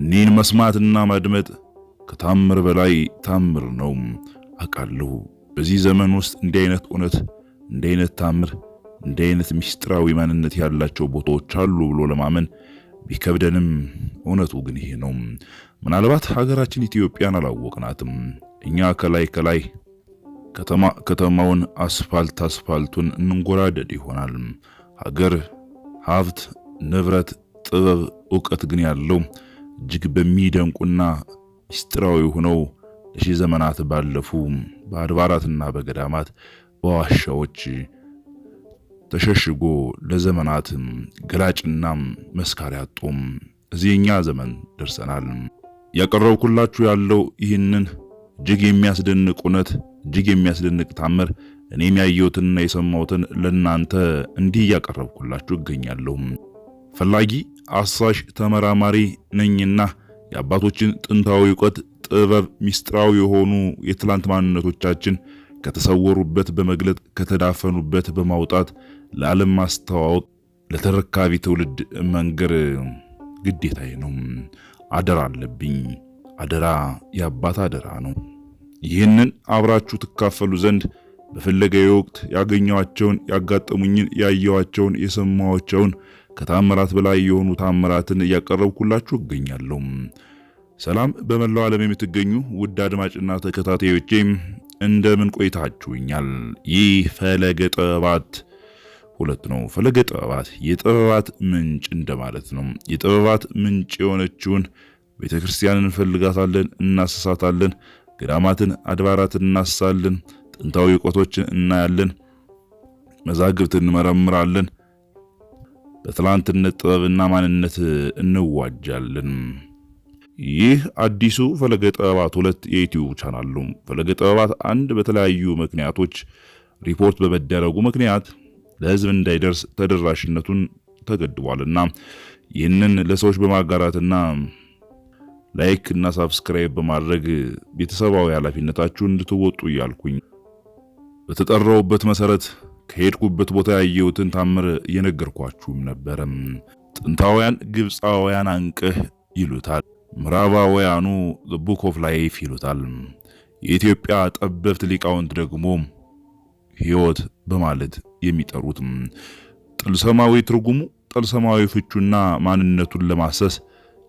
እኒህን መስማትና ማድመጥ ከታምር በላይ ታምር ነው። አውቃለሁ በዚህ ዘመን ውስጥ እንዲህ አይነት እውነት፣ እንዲህ አይነት ታምር፣ እንዲህ አይነት ምስጢራዊ ማንነት ያላቸው ቦታዎች አሉ ብሎ ለማመን ቢከብደንም እውነቱ ግን ይሄ ነው። ምናልባት ሀገራችን ኢትዮጵያን አላወቅናትም። እኛ ከላይ ከላይ ከተማ ከተማውን፣ አስፋልት አስፋልቱን እንንጎራደድ ይሆናል። ሀገር፣ ሀብት፣ ንብረት፣ ጥበብ፣ እውቀት ግን ያለው እጅግ በሚደንቁና ሚስጥራዊ ሆነው ለሺህ ዘመናት ባለፉ በአድባራትና በገዳማት በዋሻዎች ተሸሽጎ ለዘመናት ገላጭና መስካሪ አጡም እዚህኛ ዘመን ደርሰናል። ያቀረብኩላችሁ ያለው ይህንን እጅግ የሚያስደንቅ እውነት፣ እጅግ የሚያስደንቅ ታምር እኔም ያየሁትንና የሰማሁትን ለእናንተ እንዲህ እያቀረብኩላችሁ እገኛለሁ። ፈላጊ አሳሽ ተመራማሪ ነኝና የአባቶችን ጥንታዊ እውቀት፣ ጥበብ፣ ሚስጥራዊ የሆኑ የትላንት ማንነቶቻችን ከተሰወሩበት በመግለጥ ከተዳፈኑበት በማውጣት ለዓለም ማስተዋወቅ ለተረካቢ ትውልድ መንገር ግዴታዬ ነው። አደራ አለብኝ። አደራ የአባት አደራ ነው። ይህንን አብራችሁ ትካፈሉ ዘንድ በፍለጋዬ ወቅት ያገኘኋቸውን፣ ያጋጠሙኝን፣ ያየኋቸውን፣ የሰማኋቸውን ከታምራት በላይ የሆኑ ታምራትን እያቀረብኩላችሁ እገኛለሁ። ሰላም በመላው ዓለም የምትገኙ ውድ አድማጭና ተከታታዮቼ እንደምን ቆይታችሁኛል? ይህ ፈለገ ጥበባት ሁለት ነው። ፈለገ ጥበባት የጥበባት ምንጭ እንደማለት ነው። የጥበባት ምንጭ የሆነችውን ቤተክርስቲያንን እንፈልጋታለን፣ እናስሳታለን። ገዳማትን፣ አድባራትን እናስሳለን። ጥንታዊ እውቀቶችን እናያለን። መዛግብት እንመረምራለን። በትላንትነት ጥበብና ማንነት እንዋጃለን። ይህ አዲሱ ፈለገ ጥበባት ሁለት የዩቲዩብ ቻናሉ ፈለገ ጥበባት አንድ በተለያዩ ምክንያቶች ሪፖርት በመደረጉ ምክንያት ለህዝብ እንዳይደርስ ተደራሽነቱን ተገድቧልና ይህንን ለሰዎች በማጋራትና ላይክ እና ሳብስክራይብ በማድረግ ቤተሰባዊ ኃላፊነታችሁን እንድትወጡ እያልኩኝ በተጠራውበት መሰረት ከሄድኩበት ቦታ ያየሁትን ታምር የነገርኳችሁም ነበረም። ጥንታውያን ግብፃውያን አንቅህ ይሉታል፣ ምዕራባውያኑ ቡክ ኦፍ ላይፍ ይሉታል። የኢትዮጵያ ጠበብት ሊቃውንት ደግሞ ህይወት በማለት የሚጠሩት ጥልሰማዊ ትርጉሙ ጥልሰማዊ ፍቹና ማንነቱን ለማሰስ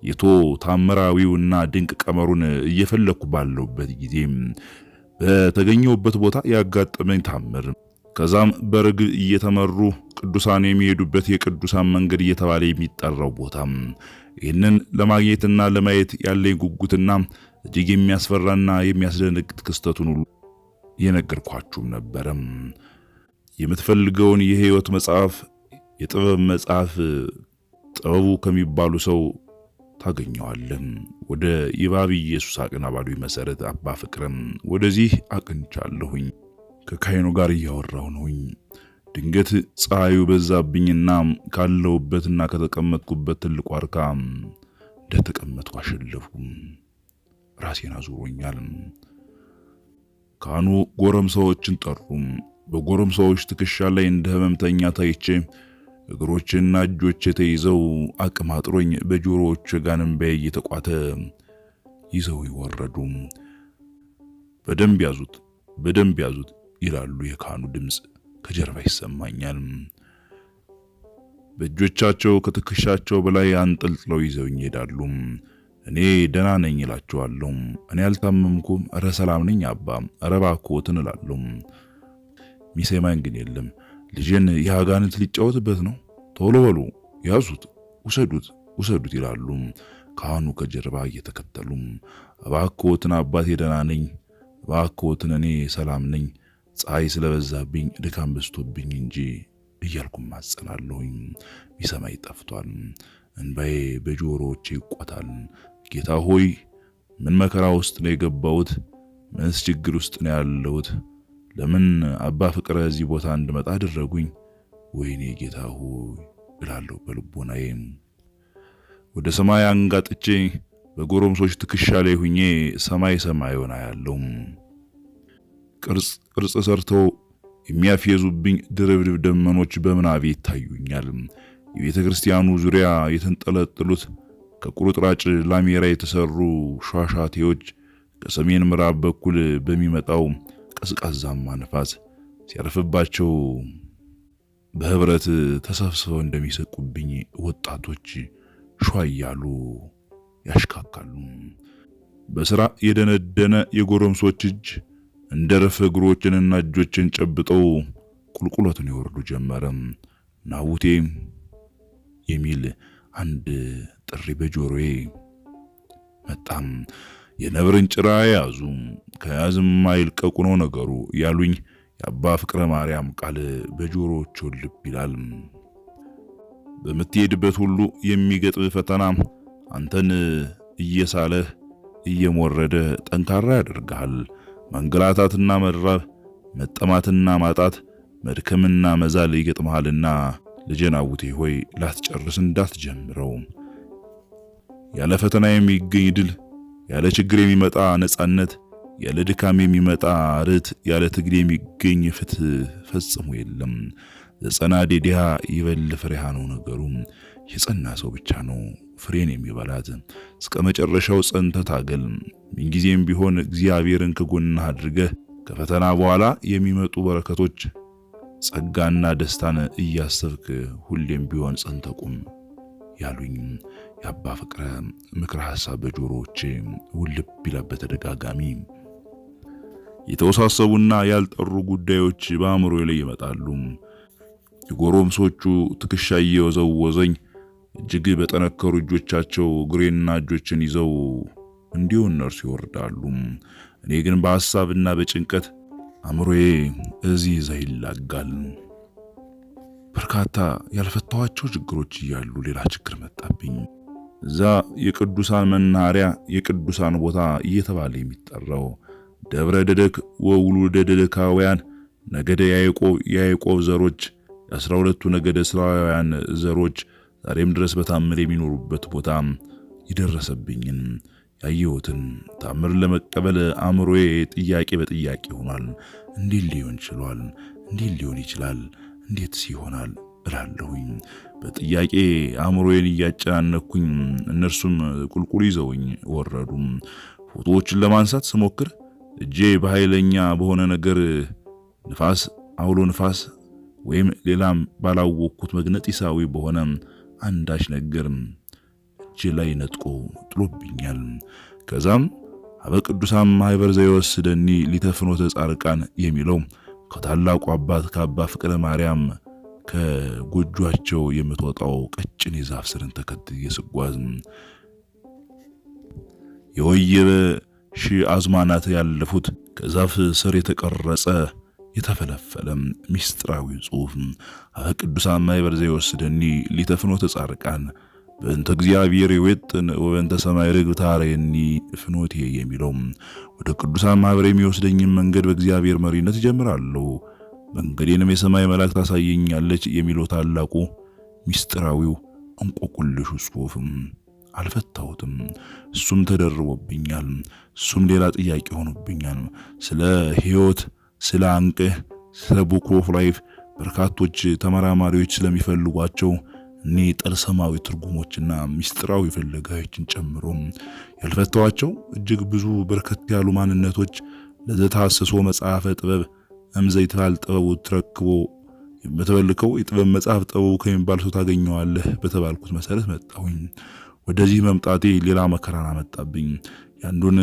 የቶ ታምራዊውና ድንቅ ቀመሩን እየፈለግኩ ባለውበት ጊዜ በተገኘውበት ቦታ ያጋጠመኝ ታምር ከዛም በርግ እየተመሩ ቅዱሳን የሚሄዱበት የቅዱሳን መንገድ እየተባለ የሚጠራው ቦታ ይህንን ለማግኘትና ለማየት ያለኝ ጉጉትና እጅግ የሚያስፈራና የሚያስደነግጥ ክስተቱን ሁሉ የነገርኳችሁም ነበረም። የምትፈልገውን የህይወት መጽሐፍ፣ የጥበብ መጽሐፍ ጥበቡ ከሚባሉ ሰው ታገኘዋለን። ወደ ይባብ ኢየሱስ አቅና ባሉኝ መሰረት አባ ፍቅርም ወደዚህ አቅንቻለሁኝ። ከካይኑ ጋር እያወራሁ ነውኝ። ድንገት ፀሐዩ በዛብኝና ካለውበትና ከተቀመጥኩበት ትልቁ አርካ እንደተቀመጥኩ አሸለፍኩም። ራሴን አዙሮኛል። ካህኑ ጎረምሳዎችን ጠሩ በጎረምሳዎች ትከሻ ላይ እንደ ህመምተኛ ታይቼ እግሮችና እጆቼ ተይዘው አቅም አጥሮኝ በጆሮዎቼ ጋንም በይ እየተቋተ ይዘው ይወረዱ። በደንብ ያዙት፣ በደንብ ያዙት ይላሉ የካህኑ ድምፅ ከጀርባ ይሰማኛል። በእጆቻቸው ከትከሻቸው በላይ አንጠልጥለው ይዘውኝ ይሄዳሉ። እኔ ደህና ነኝ እላቸዋለሁ። እኔ አልታመምኩም፣ እረ ሰላም ነኝ አባ፣ እረ እባክዎትን እላለሁ። ሚሰማኝ ግን የለም። ልጄን የአጋንንት ሊጫወትበት ነው፣ ቶሎ በሉ ያዙት፣ ውሰዱት፣ ውሰዱት ይላሉ ካህኑ ከጀርባ እየተከተሉ። እባክዎትን አባቴ ደህና ነኝ፣ እባክዎትን እኔ ሰላም ነኝ ፀሐይ ስለበዛብኝ ድካም በዝቶብኝ እንጂ እያልኩም ማጸናለሁኝ። ቢሰማይ ጠፍቷል፣ እንባዬ በጆሮዎቼ ይቆታል ጌታ ሆይ ምን መከራ ውስጥ ነው የገባሁት? ምንስ ችግር ውስጥ ነው ያለሁት? ለምን አባ ፍቅረ እዚህ ቦታ እንድመጣ አደረጉኝ? ወይኔ ጌታ ሆይ እላለሁ በልቦናዬ። ወደ ሰማይ አንጋጥቼ በጎረምሶች ትከሻ ላይ ሁኜ ሰማይ ሰማዩን አያለሁም። ቅርጽ ቅርጽ ሰርተው የሚያፌዙብኝ ድርብድብ ደመኖች በምናቤ ይታዩኛል። የቤተ ክርስቲያኑ ዙሪያ የተንጠለጠሉት ከቁርጥራጭ ላሜራ የተሰሩ ሿሻቴዎች ከሰሜን ምዕራብ በኩል በሚመጣው ቀዝቃዛማ ነፋስ ሲያርፍባቸው በህብረት ተሰብስበው እንደሚሰቁብኝ ወጣቶች ሿ እያሉ ያሽካካሉ። በስራ የደነደነ የጎረምሶች እጅ እንደ ረፈ እግሮችንና እጆችን ጨብጠው ቁልቁለቱን ይወርዱ ጀመረ። ናቡቴ የሚል አንድ ጥሪ በጆሮዬ መጣም። የነብርን ጭራ ያዙ ከያዝም ይልቀቁ ነው ነገሩ ያሉኝ የአባ ፍቅረ ማርያም ቃል በጆሮዎቹ ልብ ይላል። በምትሄድበት ሁሉ የሚገጥም ፈተና አንተን እየሳለህ እየሞረደ ጠንካራ ያደርግሃል። መንገላታትና መራብ፣ መጠማትና ማጣት፣ መድከምና መዛል ይገጥመሃልና ልጄን አውቴ ሆይ ላትጨርስ እንዳትጀምረው። ያለ ፈተና የሚገኝ ድል፣ ያለ ችግር የሚመጣ ነጻነት፣ ያለ ድካም የሚመጣ ርት፣ ያለ ትግል የሚገኝ ፍትህ ፈጽሞ የለም። ዘጸና ዴዲያ ይበል ፍሬሃ ነው ነገሩ። የጸና ሰው ብቻ ነው ፍሬን የሚበላት። እስከ መጨረሻው ጸንተህ ታገል። ምንጊዜም ቢሆን እግዚአብሔርን ከጎንህ አድርገህ ከፈተና በኋላ የሚመጡ በረከቶች፣ ጸጋና ደስታን እያሰብክ ሁሌም ቢሆን ጸንተህ ቁም ያሉኝ የአባ ፍቅረ ምክረ ሐሳብ በጆሮዎቼ ውልብ ይላል በተደጋጋሚ። የተወሳሰቡና ያልጠሩ ጉዳዮች በአእምሮ ላይ ይመጣሉ። የጎረምሶቹ ትከሻ እየወዘወዘኝ እጅግ በጠነከሩ እጆቻቸው እግሬና እጆችን ይዘው እንዲሁ እነርሱ ይወርዳሉ። እኔ ግን በሐሳብና በጭንቀት አእምሮዬ እዚህ እዛ ይላጋል። በርካታ ያልፈታኋቸው ችግሮች እያሉ ሌላ ችግር መጣብኝ። እዛ የቅዱሳን መናኸሪያ የቅዱሳን ቦታ እየተባለ የሚጠራው ደብረ ደደክ ወውሉደ ደደካውያን ነገደ ያዕቆብ የያዕቆብ ዘሮች የአስራ ሁለቱ ነገደ እስራውያን ዘሮች ዛሬም ድረስ በታምር የሚኖሩበት ቦታ የደረሰብኝን ያየሁትን ታምር ለመቀበል አእምሮዬ ጥያቄ በጥያቄ ሆኗል። እንዴት ሊሆን ችሏል? እንዴት ሊሆን ይችላል? እንዴት ሲሆናል እላለሁኝ። በጥያቄ አእምሮዬን እያጨናነኩኝ እነርሱም ቁልቁል ይዘውኝ ወረዱ። ፎቶዎችን ለማንሳት ስሞክር እጄ በኃይለኛ በሆነ ነገር ንፋስ፣ አውሎ ንፋስ ወይም ሌላም ባላወቅኩት መግነጢሳዊ በሆነ አንዳች ነገር እጅ ላይ ነጥቆ ጥሎብኛል። ከዛም አበ ቅዱሳን ማህበር ዘይወስደኒ ሊተፍኖተ ጻርቃን የሚለው ከታላቁ አባት ከአባ ፍቅረ ማርያም ከጎጇቸው የምትወጣው ቀጭን የዛፍ ስርን ተከትዬ ስጓዝ የወየበ ሺ አዝማናት ያለፉት ከዛፍ ስር የተቀረጸ የተፈለፈለም ሚስጥራዊ ጽሑፍ አበ ማይበር ማኅበረ ዘየወስደኒ ሊተፍኖተ ጻርቃን በእንተ እግዚአብሔር ይወጥን ወበእንተ ሰማይ ርግብ ታረየኒ ፍኖቴ የሚለው ወደ ቅዱሳን ማኅበር የሚወስደኝም መንገድ በእግዚአብሔር መሪነት እጀምራለሁ፣ መንገዴንም የሰማይ መላእክት ታሳየኛለች የሚለው ታላቁ ሚስጥራዊው እንቆቁልሹ ጽሑፍም አልፈታሁትም። እሱም ተደርቦብኛል። እሱም ሌላ ጥያቄ ሆኖብኛል። ስለ ህይወት ስለ አንቅህ፣ ስለ ቡክ ኦፍ ላይፍ በርካቶች ተመራማሪዎች ስለሚፈልጓቸው እኔ ጠልሰማዊ ትርጉሞችና ሚስጥራዊ ፍለጋዎችን ጨምሮ ያልፈተዋቸው እጅግ ብዙ በርከት ያሉ ማንነቶች ለዘታሰሶ መጽሐፈ ጥበብ እምዘይትሃል ጥበቡ ትረክቦ በተበልከው የጥበብ መጽሐፍ ጥበቡ ከሚባል ሰው ታገኘዋለህ በተባልኩት መሰረት መጣሁኝ። ወደዚህ መምጣቴ ሌላ መከራን አመጣብኝ። ያንዱን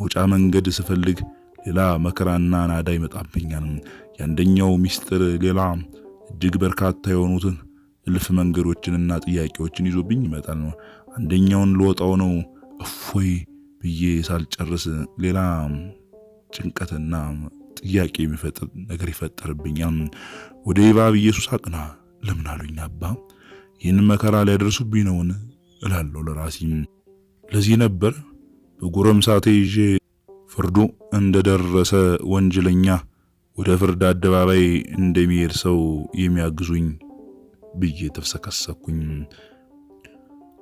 መውጫ መንገድ ስፈልግ ሌላ መከራና ናዳ ይመጣብኛል። የአንደኛው ሚስጥር ሌላ እጅግ በርካታ የሆኑትን እልፍ መንገዶችንና ጥያቄዎችን ይዞብኝ ይመጣል አንደኛውን ልወጣው ነው እፎይ ብዬ ሳልጨርስ ሌላ ጭንቀትና ጥያቄ የሚፈጥር ነገር ይፈጠርብኛል። ወደ እባብ ኢየሱስ አቅና ለምን አሉኝ አባ። ይህን መከራ ሊያደርሱብኝ ነውን እላለሁ ለራሴ። ለዚህ ነበር በጎረምሳቴ ይዤ ፍርዱ እንደደረሰ ወንጀለኛ ወደ ፍርድ አደባባይ እንደሚሄድ ሰው የሚያግዙኝ ብዬ ተፍሰከሰኩኝ።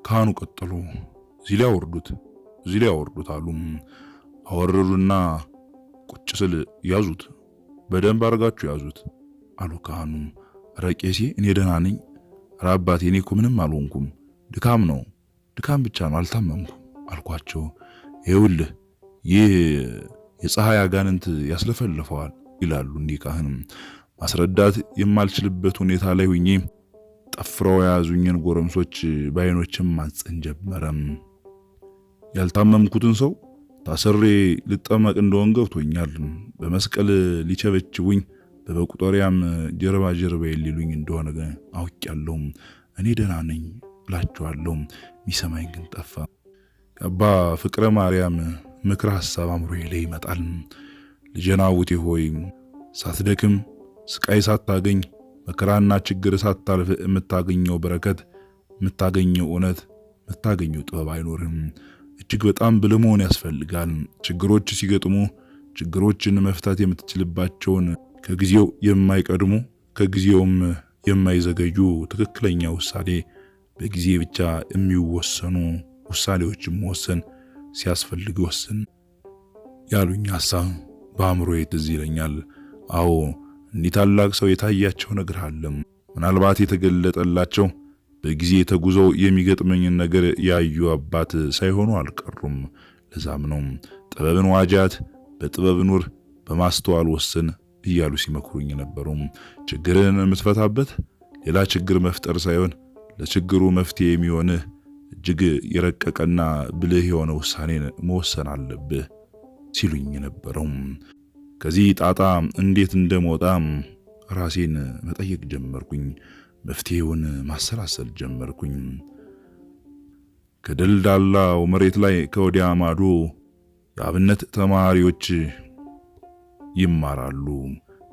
ካህኑ ቀጠሉ። እዚህ ላይ አወርዱት፣ እዚህ ላይ አወርዱት አሉ። አወረዱና ቁጭ ስል ያዙት፣ በደንብ አድርጋችሁ ያዙት አሉ ካህኑ። ኧረ ቄሴ እኔ ደህና ነኝ። ኧረ አባቴ እኔ እኮ ምንም አልሆንኩም፣ ድካም ነው፣ ድካም ብቻ ነው፣ አልታመምኩም አልኳቸው። ይኸውልህ ይህ የፀሐይ አጋንንት ያስለፈልፈዋል ይላሉ እንዲህ ካህን። ማስረዳት የማልችልበት ሁኔታ ላይ ሁኜ ጠፍረው የያዙኝን ጎረምሶች በአይኖችም ማጽን ጀመረም። ያልታመምኩትን ሰው ታስሬ ልጠመቅ እንደሆን ገብቶኛል። በመስቀል ሊቸበችቡኝ በበቁጠሪያም ጀርባ ጀርባ ሊሉኝ እንደሆነ አውቄያለሁም። እኔ ደህና ነኝ እላችኋለሁ። ሚሰማኝ ግን ጠፋ። አባ ፍቅረ ማርያም ምክር ሐሳብ አእምሮዬ ላይ ይመጣል። ልጄና ውጤ ሆይ ሳትደክም ስቃይ ሳታገኝ መከራና ችግር ሳታልፍ የምታገኘው በረከት፣ የምታገኘው እውነት፣ የምታገኘው ጥበብ አይኖርም። እጅግ በጣም ብልህ መሆን ያስፈልጋል። ችግሮች ሲገጥሙ ችግሮችን መፍታት የምትችልባቸውን ከጊዜው የማይቀድሙ ከጊዜውም የማይዘገዩ ትክክለኛ ውሳኔ በጊዜ ብቻ የሚወሰኑ ውሳኔዎችን መወሰን ሲያስፈልግ ወስን ያሉኝ ሐሳብ በአእምሮዬ ትዝ ይለኛል። አዎ እንዲህ ታላቅ ሰው የታያቸው ነገር አለም። ምናልባት የተገለጠላቸው በጊዜ ተጉዘው የሚገጥመኝን ነገር ያዩ አባት ሳይሆኑ አልቀሩም። ለዛም ነው ጥበብን ዋጃት፣ በጥበብ ኑር፣ በማስተዋል ወስን እያሉ ሲመክሩኝ ነበሩ። ችግርን የምትፈታበት ሌላ ችግር መፍጠር ሳይሆን ለችግሩ መፍትሄ የሚሆንህ እጅግ የረቀቀና ብልህ የሆነ ውሳኔን መወሰን አለብህ ሲሉኝ የነበረው። ከዚህ ጣጣ እንዴት እንደመውጣ ራሴን መጠየቅ ጀመርኩኝ። መፍትሄውን ማሰላሰል ጀመርኩኝ። ከደልዳላው መሬት ላይ ከወዲያ ማዶ የአብነት ተማሪዎች ይማራሉ፣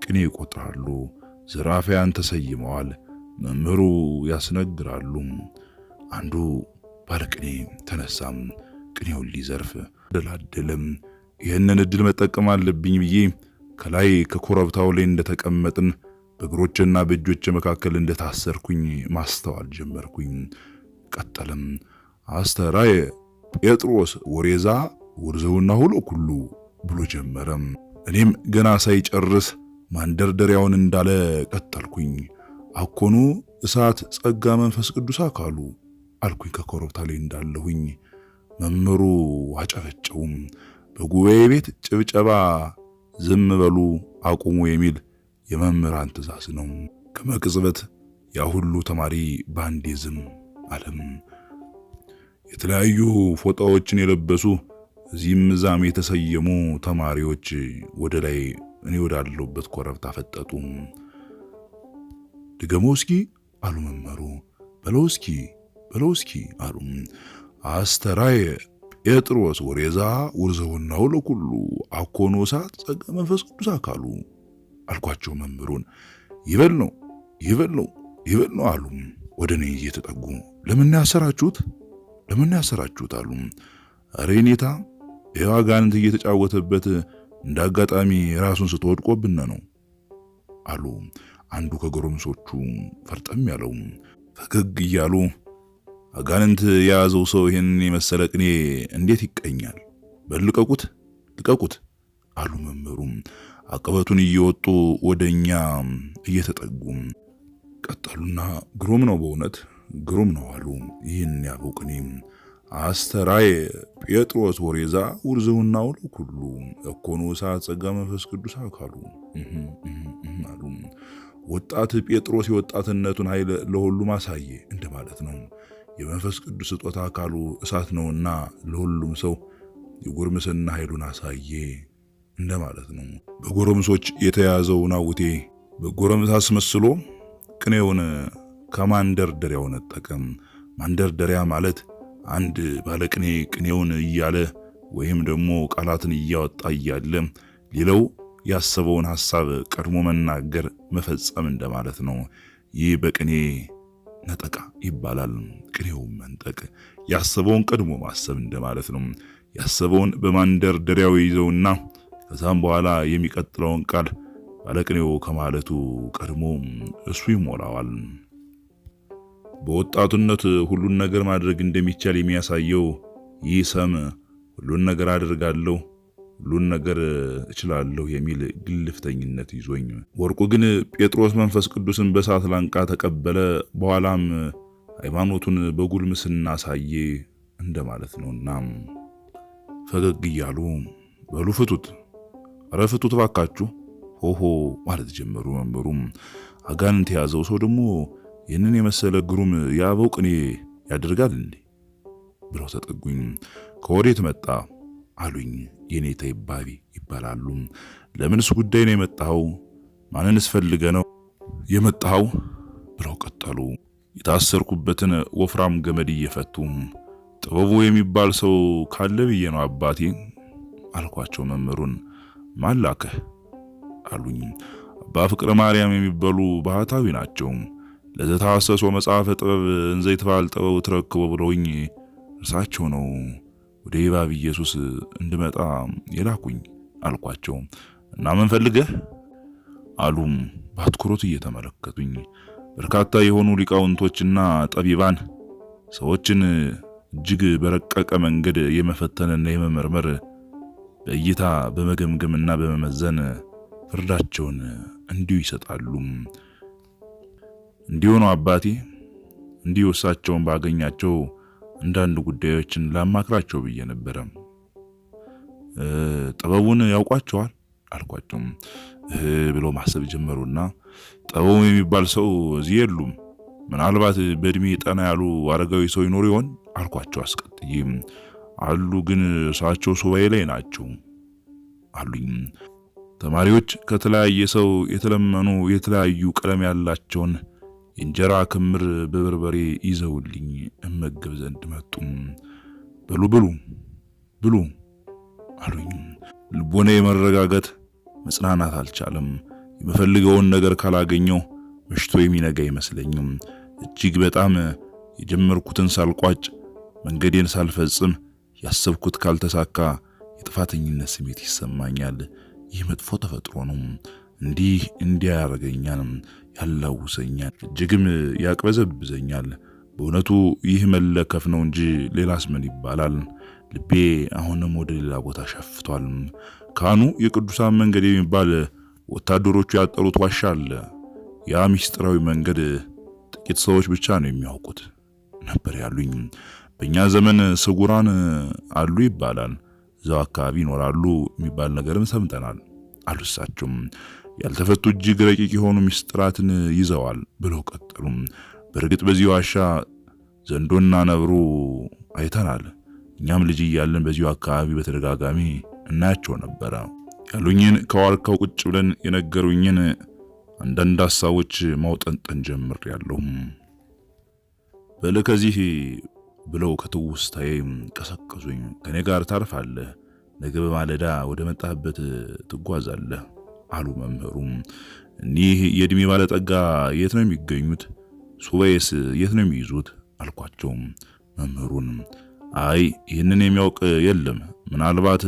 ቅኔ ይቆጥራሉ፣ ዘራፊያን ተሰይመዋል፣ መምህሩ ያስነግራሉ አንዱ ባለቅኔ ተነሳም ቅኔውን ሊዘርፍ ድላድልም ይህንን እድል መጠቀም አለብኝ ብዬ ከላይ ከኮረብታው ላይ እንደተቀመጥን በእግሮችና በእጆች መካከል እንደታሰርኩኝ ማስተዋል ጀመርኩኝ። ቀጠለም አስተራየ ጴጥሮስ ወሬዛ ወርዘውና ሁሉ ኩሉ ብሎ ጀመረም። እኔም ገና ሳይጨርስ ማንደርደሪያውን እንዳለ ቀጠልኩኝ። አኮኑ እሳት ጸጋ መንፈስ ቅዱስ አካሉ አልኩኝ ከኮረብታ ላይ እንዳለሁኝ። መምህሩ አጨበጨቡም። በጉባኤ ቤት ጭብጨባ ዝም በሉ አቁሙ የሚል የመምህራን ትእዛዝ ነው። ከመቅጽበት ያ ሁሉ ተማሪ ባንዴ ዝም አለም። የተለያዩ ፎጣዎችን የለበሱ እዚህም እዛም የተሰየሙ ተማሪዎች ወደ ላይ እኔ ወዳለሁበት ኮረብታ ፈጠጡ። ድገሞ እስኪ አሉ መመሩ። በለው እስኪ ብለው እስኪ አሉ። አስተራየ ጴጥሮስ ወሬዛ ውርዘውናው ለኩሉ አኮኖ ሳት ጸገ መንፈስ ቅዱስ አካሉ አልኳቸው። መምህሩን ይበል ነው ይበል ነው ይበል ነው አሉ። ወደ እኔ እየተጠጉ ለምን ያሰራችሁት ለምን ያሰራችሁት አሉ። ሬኔታ ኔታ የዋጋንት እየተጫወተበት እንዳጋጣሚ አጋጣሚ ራሱን ስትወድቆብነ ነው አሉ። አንዱ ከጎረምሶቹ ፈርጠም ያለው ፈገግ እያሉ አጋንንት የያዘው ሰው ይህንን የመሰለ ቅኔ እንዴት ይቀኛል? በልቀቁት ልቀቁት አሉ መምህሩም አቀበቱን እየወጡ ወደ እኛ እየተጠጉ ቀጠሉና ግሩም ነው በእውነት ግሩም ነው አሉ። ይህን ያለው ቅኔ አስተራየ ጴጥሮስ ወሬዛ ውርዘውና ውሉ ሁሉ እኮኑ እሳት ጸጋ መንፈስ ቅዱስ አካሉ አሉ። ወጣት ጴጥሮስ የወጣትነቱን ኃይል ለሁሉም አሳየ እንደማለት ነው። የመንፈስ ቅዱስ ስጦታ አካሉ እሳት ነውና ለሁሉም ሰው የጎርምስና ኃይሉን አሳየ እንደማለት ነው። በጎረምሶች የተያዘው ናውቴ በጎረምሳ አስመስሎ ቅኔውን ከማንደርደሪያው ነጠቀም። ማንደርደሪያ ማለት አንድ ባለቅኔ ቅኔውን እያለ ወይም ደግሞ ቃላትን እያወጣ እያለ ሌላው ያሰበውን ሐሳብ ቀድሞ መናገር መፈጸም እንደማለት ነው። ይህ በቅኔ ነጠቃ ይባላል። ቅኔውን መንጠቅ ያሰበውን ቀድሞ ማሰብ እንደማለት ነው። ያሰበውን በማንደርደሪያው ይዘውና ከዛም በኋላ የሚቀጥለውን ቃል ባለቅኔው ከማለቱ ቀድሞ እሱ ይሞላዋል። በወጣቱነት ሁሉን ነገር ማድረግ እንደሚቻል የሚያሳየው ይህ ሰም ሁሉን ነገር አድርጋለሁ ሁሉን ነገር እችላለሁ የሚል ግልፍተኝነት ይዞኝ፣ ወርቁ ግን ጴጥሮስ መንፈስ ቅዱስን በእሳት ላንቃ ተቀበለ፣ በኋላም ሃይማኖቱን በጉልምስና አሳየ እንደማለት ነውና ፈገግ እያሉ በሉ ፍቱት፣ ኧረ ፍቱት ባካችሁ ሆሆ ማለት ጀመሩ። መንበሩም አጋንንት የያዘው ሰው ደግሞ ይህንን የመሰለ ግሩም የአበው ቅኔ ያደርጋል እንዴ ብለው ተጠጉኝ። ከወዴት መጣ አሉኝ። የኔ ተይባቢ ይባላሉ። ለምንስ ጉዳይ ነው የመጣኸው? ማንን ስፈልገ ነው የመጣኸው? ብለው ቀጠሉ። የታሰርኩበትን ወፍራም ገመድ እየፈቱ ጥበቡ የሚባል ሰው ካለ ብዬ ነው አባቴ አልኳቸው። መምህሩን ማን ላከህ አሉኝ። አባ ፍቅረ ማርያም የሚበሉ ባህታዊ ናቸው። ለዘታሰሶ መጽሐፈ ጥበብ እንዘ ይትባል ጥበቡ ትረክቦ ብለውኝ እርሳቸው ነው ወደ እባብ ኢየሱስ እንድመጣ የላኩኝ አልኳቸው። እና ምን ፈልገህ አሉም በአትኩሮት እየተመለከቱኝ። በርካታ የሆኑ ሊቃውንቶችና ጠቢባን ሰዎችን እጅግ በረቀቀ መንገድ የመፈተንና የመመርመር በእይታ በመገምገምና በመመዘን ፍርዳቸውን እንዲሁ ይሰጣሉ። እንዲሁ ነው አባቴ። እንዲሁ እሳቸውን ባገኛቸው አንዳንድ ጉዳዮችን ላማክራቸው ብዬ ነበረ። ጥበቡን ያውቋቸዋል አልኳቸውም። ብለው ማሰብ ጀመሩና ጥበቡ የሚባል ሰው እዚህ የሉም፣ ምናልባት በእድሜ ጠና ያሉ አረጋዊ ሰው ይኖሩ ይሆን አልኳቸው። አስቀጥዬ አሉ፣ ግን እሳቸው ሱባኤ ላይ ናቸው አሉኝ። ተማሪዎች ከተለያየ ሰው የተለመኑ የተለያዩ ቀለም ያላቸውን የእንጀራ ክምር በበርበሬ ይዘውልኝ እመገብ ዘንድ መጡም። በሉ ብሉ ብሉ አሉኝ። ልቦና የመረጋገጥ መጽናናት አልቻለም። የምፈልገውን ነገር ካላገኘው መሽቶ የሚነጋ አይመስለኝም። እጅግ በጣም የጀመርኩትን ሳልቋጭ መንገዴን ሳልፈጽም ያሰብኩት ካልተሳካ የጥፋተኝነት ስሜት ይሰማኛል። ይህ መጥፎ ተፈጥሮ ነው። እንዲህ እንዲያ ያደርገኛል። ያላውሰኛል፣ እጅግም ያቅበዘብዘኛል። በእውነቱ ይህ መለከፍ ነው እንጂ ሌላስ ምን ይባላል? ልቤ አሁንም ወደ ሌላ ቦታ ሸፍቷል። ካህኑ የቅዱሳን መንገድ የሚባል ወታደሮቹ ያጠሩት ዋሻ አለ። ያ ሚስጥራዊ መንገድ ጥቂት ሰዎች ብቻ ነው የሚያውቁት ነበር ያሉኝ። በእኛ ዘመን ስጉራን አሉ ይባላል፣ እዛው አካባቢ ይኖራሉ የሚባል ነገርም ሰምተናል አሉ እሳቸውም ያልተፈቱ እጅግ ረቂቅ የሆኑ ምስጢራትን ይዘዋል ብለው ቀጠሉም። በእርግጥ በዚህ ዋሻ ዘንዶና ነብሩ አይተናል። እኛም ልጅ እያለን በዚሁ አካባቢ በተደጋጋሚ እናያቸው ነበረ። ያሉኝን ከዋርካው ቁጭ ብለን የነገሩኝን አንዳንድ ሀሳቦች ማውጠንጠን ጀምር ያለሁ በል ከዚህ ብለው ከትውስታዬ ቀሰቀሱኝ። ከኔ ጋር ታርፋለህ፣ ነገ በማለዳ ወደ መጣህበት ትጓዛለህ አሉ መምህሩም። እኒህ የእድሜ ባለጠጋ የት ነው የሚገኙት? ሱባኤስ የት ነው የሚይዙት? አልኳቸውም መምህሩን አይ ይህንን የሚያውቅ የለም፣ ምናልባት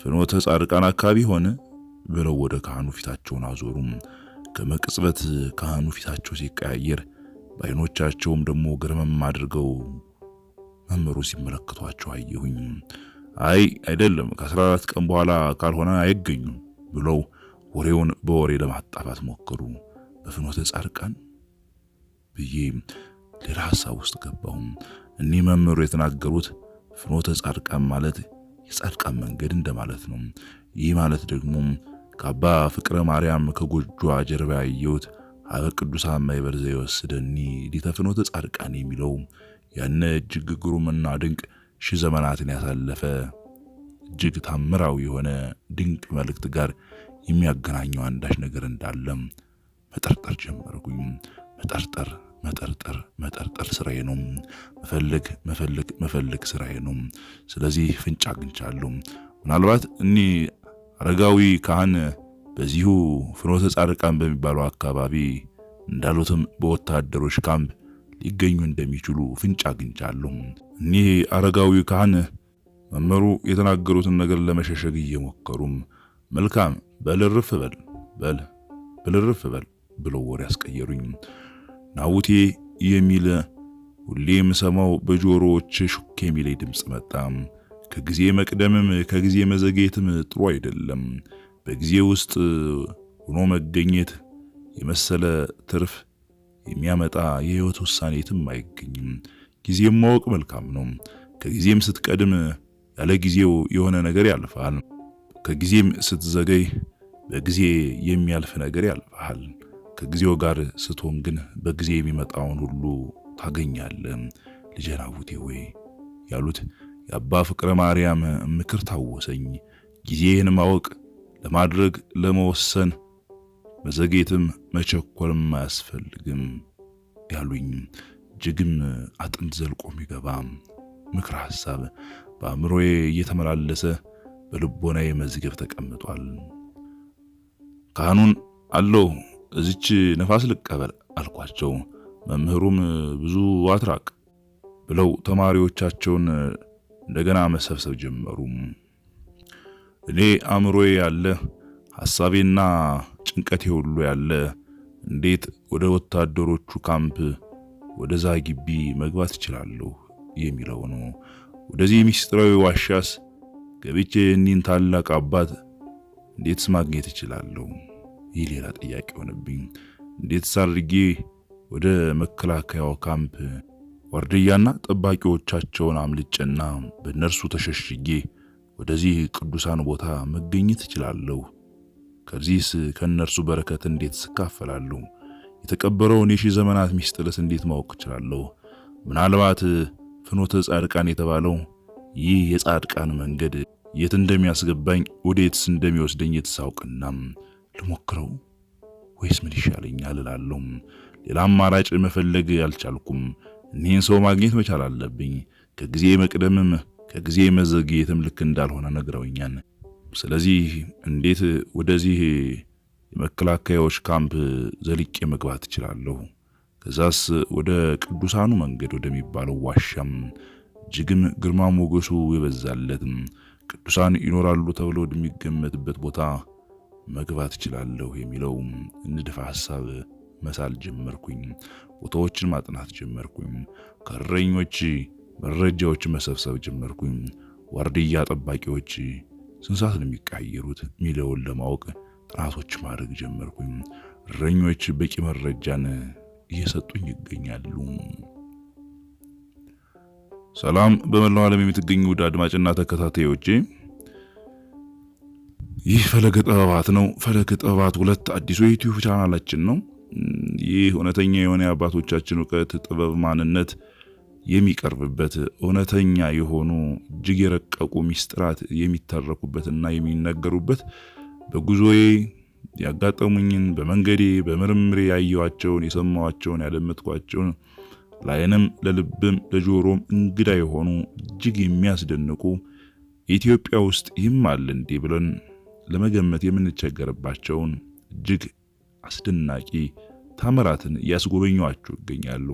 ፍኖተ ጻድቃን አካባቢ ሆነ ብለው ወደ ካህኑ ፊታቸውን አዞሩም። ከመቅጽበት ካህኑ ፊታቸው ሲቀያየር፣ በአይኖቻቸውም ደግሞ ግርመም አድርገው መምህሩ ሲመለከቷቸው አየሁኝ። አይ አይደለም፣ ከ ከ14 ቀን በኋላ ካልሆነ አይገኙም ብለው ወሬውን በወሬ ለማጣፋት ሞከሩ። በፍኖተ ጻድቃን ብዬ ሌላ ሀሳብ ውስጥ ገባሁም። እኒህ መምህሩ የተናገሩት ፍኖተ ጻድቃን ማለት የጻድቃን መንገድ እንደማለት ነው። ይህ ማለት ደግሞ ከአባ ፍቅረ ማርያም ከጎጇ ጀርባ ያየሁት አበ ቅዱሳን ማይበር የወስደኒ ሊተ ፍኖተ ጻድቃን የሚለው ያነ እጅግ ግሩምና ድንቅ ሺህ ዘመናትን ያሳለፈ እጅግ ታምራዊ የሆነ ድንቅ መልእክት ጋር የሚያገናኘው አንዳች ነገር እንዳለም መጠርጠር ጀመርኩኝ። መጠርጠር መጠርጠር መጠርጠር ስራዬ ነው። መፈለግ መፈለግ መፈለግ ስራዬ ነው። ስለዚህ ፍንጭ አግኝቻለሁ። ምናልባት እኒህ አረጋዊ ካህን በዚሁ ፍኖተ ጻድቃን በሚባለው አካባቢ እንዳሉትም በወታደሮች ካምፕ ሊገኙ እንደሚችሉ ፍንጭ አግኝቻለሁ። እኒህ አረጋዊ ካህን መምህሩ የተናገሩትን ነገር ለመሸሸግ እየሞከሩም መልካም በልርፍ በል በል በልርፍ በል ብሎ ወሬ ያስቀየሩኝ። ናውቴ የሚል ሁሌ የምሰማው በጆሮዎች ሹክ የሚል ድምፅ መጣ። ከጊዜ መቅደምም ከጊዜ መዘግየትም ጥሩ አይደለም። በጊዜ ውስጥ ሆኖ መገኘት የመሰለ ትርፍ የሚያመጣ የህይወት ውሳኔትም አይገኝም። ጊዜም ማወቅ መልካም ነው። ከጊዜም ስትቀድም ያለ ጊዜው የሆነ ነገር ያልፋል። ከጊዜም ስትዘገይ በጊዜ የሚያልፍ ነገር ያልፋል። ከጊዜው ጋር ስትሆን ግን በጊዜ የሚመጣውን ሁሉ ታገኛለህ። ልጄ ወይ ያሉት የአባ ፍቅረ ማርያም ምክር ታወሰኝ። ጊዜህን ማወቅ ለማድረግ ለመወሰን መዘጌትም መቸኮልም አያስፈልግም ያሉኝ እጅግም አጥንት ዘልቆ የሚገባ ምክር ሐሳብ በአእምሮዬ እየተመላለሰ በልቦናዬ መዝገብ ተቀምጧል። ካህኑን አለው እዚች ነፋስ ልቀበል አልኳቸው። መምህሩም ብዙ አትራቅ ብለው ተማሪዎቻቸውን እንደገና መሰብሰብ ጀመሩ። እኔ አእምሮዬ ያለ ሐሳቤና ጭንቀቴ ሁሉ ያለ እንዴት ወደ ወታደሮቹ ካምፕ ወደዛ ግቢ መግባት እችላለሁ የሚለው ነው። ወደዚህ ምስጢራዊ ዋሻስ ገብቼ እኒን ታላቅ አባት እንዴትስ ማግኘት እችላለሁ? ይህ ሌላ ጥያቄ ሆነብኝ። እንዴትስ አድርጌ ወደ መከላከያው ካምፕ ዋርድያና ጠባቂዎቻቸውን አምልጬና በእነርሱ ተሸሽጌ ወደዚህ ቅዱሳን ቦታ መገኘት እችላለሁ? ከዚህስ ከእነርሱ በረከት እንዴት ስካፈላለሁ? የተቀበረውን የሺ ዘመናት ሚስጥርስ እንዴት ማወቅ እችላለሁ? ምናልባት ፍኖተ ጻድቃን የተባለው ይህ የጻድቃን መንገድ የት እንደሚያስገባኝ ወዴትስ እንደሚወስደኝ የተሳውቅናም ልሞክረው ወይስ ምን ይሻለኛል እላለሁ። ሌላ አማራጭ መፈለግ አልቻልኩም። እኒህን ሰው ማግኘት መቻል አለብኝ። ከጊዜ መቅደምም ከጊዜ መዘግየትም ልክ እንዳልሆነ ነግረውኛል። ስለዚህ እንዴት ወደዚህ የመከላከያዎች ካምፕ ዘልቄ መግባት እችላለሁ? ከዛስ ወደ ቅዱሳኑ መንገድ ወደሚባለው ዋሻም እጅግም ግርማ ሞገሱ የበዛለት ቅዱሳን ይኖራሉ ተብሎ ወደሚገመትበት ቦታ መግባት እችላለሁ የሚለው ንድፈ ሐሳብ መሳል ጀመርኩኝ። ቦታዎችን ማጥናት ጀመርኩኝ። ከረኞች መረጃዎች መሰብሰብ ጀመርኩኝ። ዋርድያ ጠባቂዎች ስንሳት ነው የሚቃየሩት ሚለውን ለማወቅ ጥናቶች ማድረግ ጀመርኩኝ። እረኞች በቂ መረጃን እየሰጡኝ ይገኛሉ። ሰላም በመላው ዓለም የምትገኙ ውድ አድማጭና ተከታታዮቼ ይህ ፈለገ ጥበባት ነው። ፈለገ ጥበባት ሁለት አዲሱ የዩቲዩብ ቻናላችን ነው። ይህ እውነተኛ የሆነ የአባቶቻችን እውቀት፣ ጥበብ፣ ማንነት የሚቀርብበት እውነተኛ የሆኑ እጅግ የረቀቁ ሚስጥራት የሚተረኩበትና የሚነገሩበት በጉዞዬ ያጋጠሙኝን በመንገዴ በምርምሬ ያየኋቸውን፣ የሰማኋቸውን፣ ያደመጥኳቸውን ለዓይንም ለልብም ለጆሮም እንግዳ የሆኑ እጅግ የሚያስደንቁ ኢትዮጵያ ውስጥ ይህም አለ እንዴ ብለን ለመገመት የምንቸገርባቸውን እጅግ አስደናቂ ታምራትን እያስጎበኟችሁ ይገኛሉ።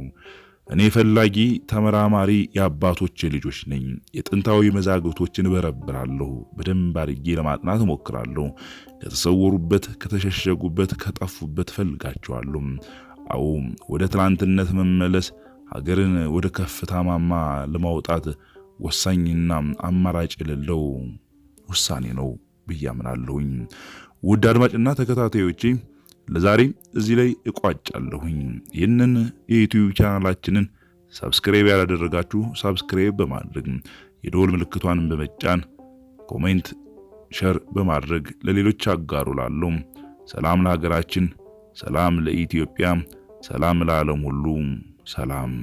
እኔ ፈላጊ ተመራማሪ የአባቶች ልጆች ነኝ። የጥንታዊ መዛግብቶችን በረብራለሁ፣ በደንብ አድጌ ለማጥናት እሞክራለሁ። ከተሰወሩበት፣ ከተሸሸጉበት፣ ከጠፉበት ፈልጋቸዋለሁ። አዎ ወደ ትላንትነት መመለስ ሀገርን ወደ ከፍታ ማማ ለማውጣት ወሳኝና አማራጭ የሌለው ውሳኔ ነው ብያምናለሁኝ። አምናለሁኝ። ውድ አድማጭና ተከታታዮቼ ለዛሬ እዚህ ላይ እቋጫለሁኝ። ይህንን የዩቲዩብ ቻናላችንን ሰብስክራይብ ያላደረጋችሁ ሰብስክራይብ በማድረግ የደወል ምልክቷንም በመጫን ኮሜንት፣ ሸር በማድረግ ለሌሎች አጋሩ። ላለው ሰላም ለሀገራችን፣ ሰላም ለኢትዮጵያ፣ ሰላም ለዓለም ሁሉ ሰላም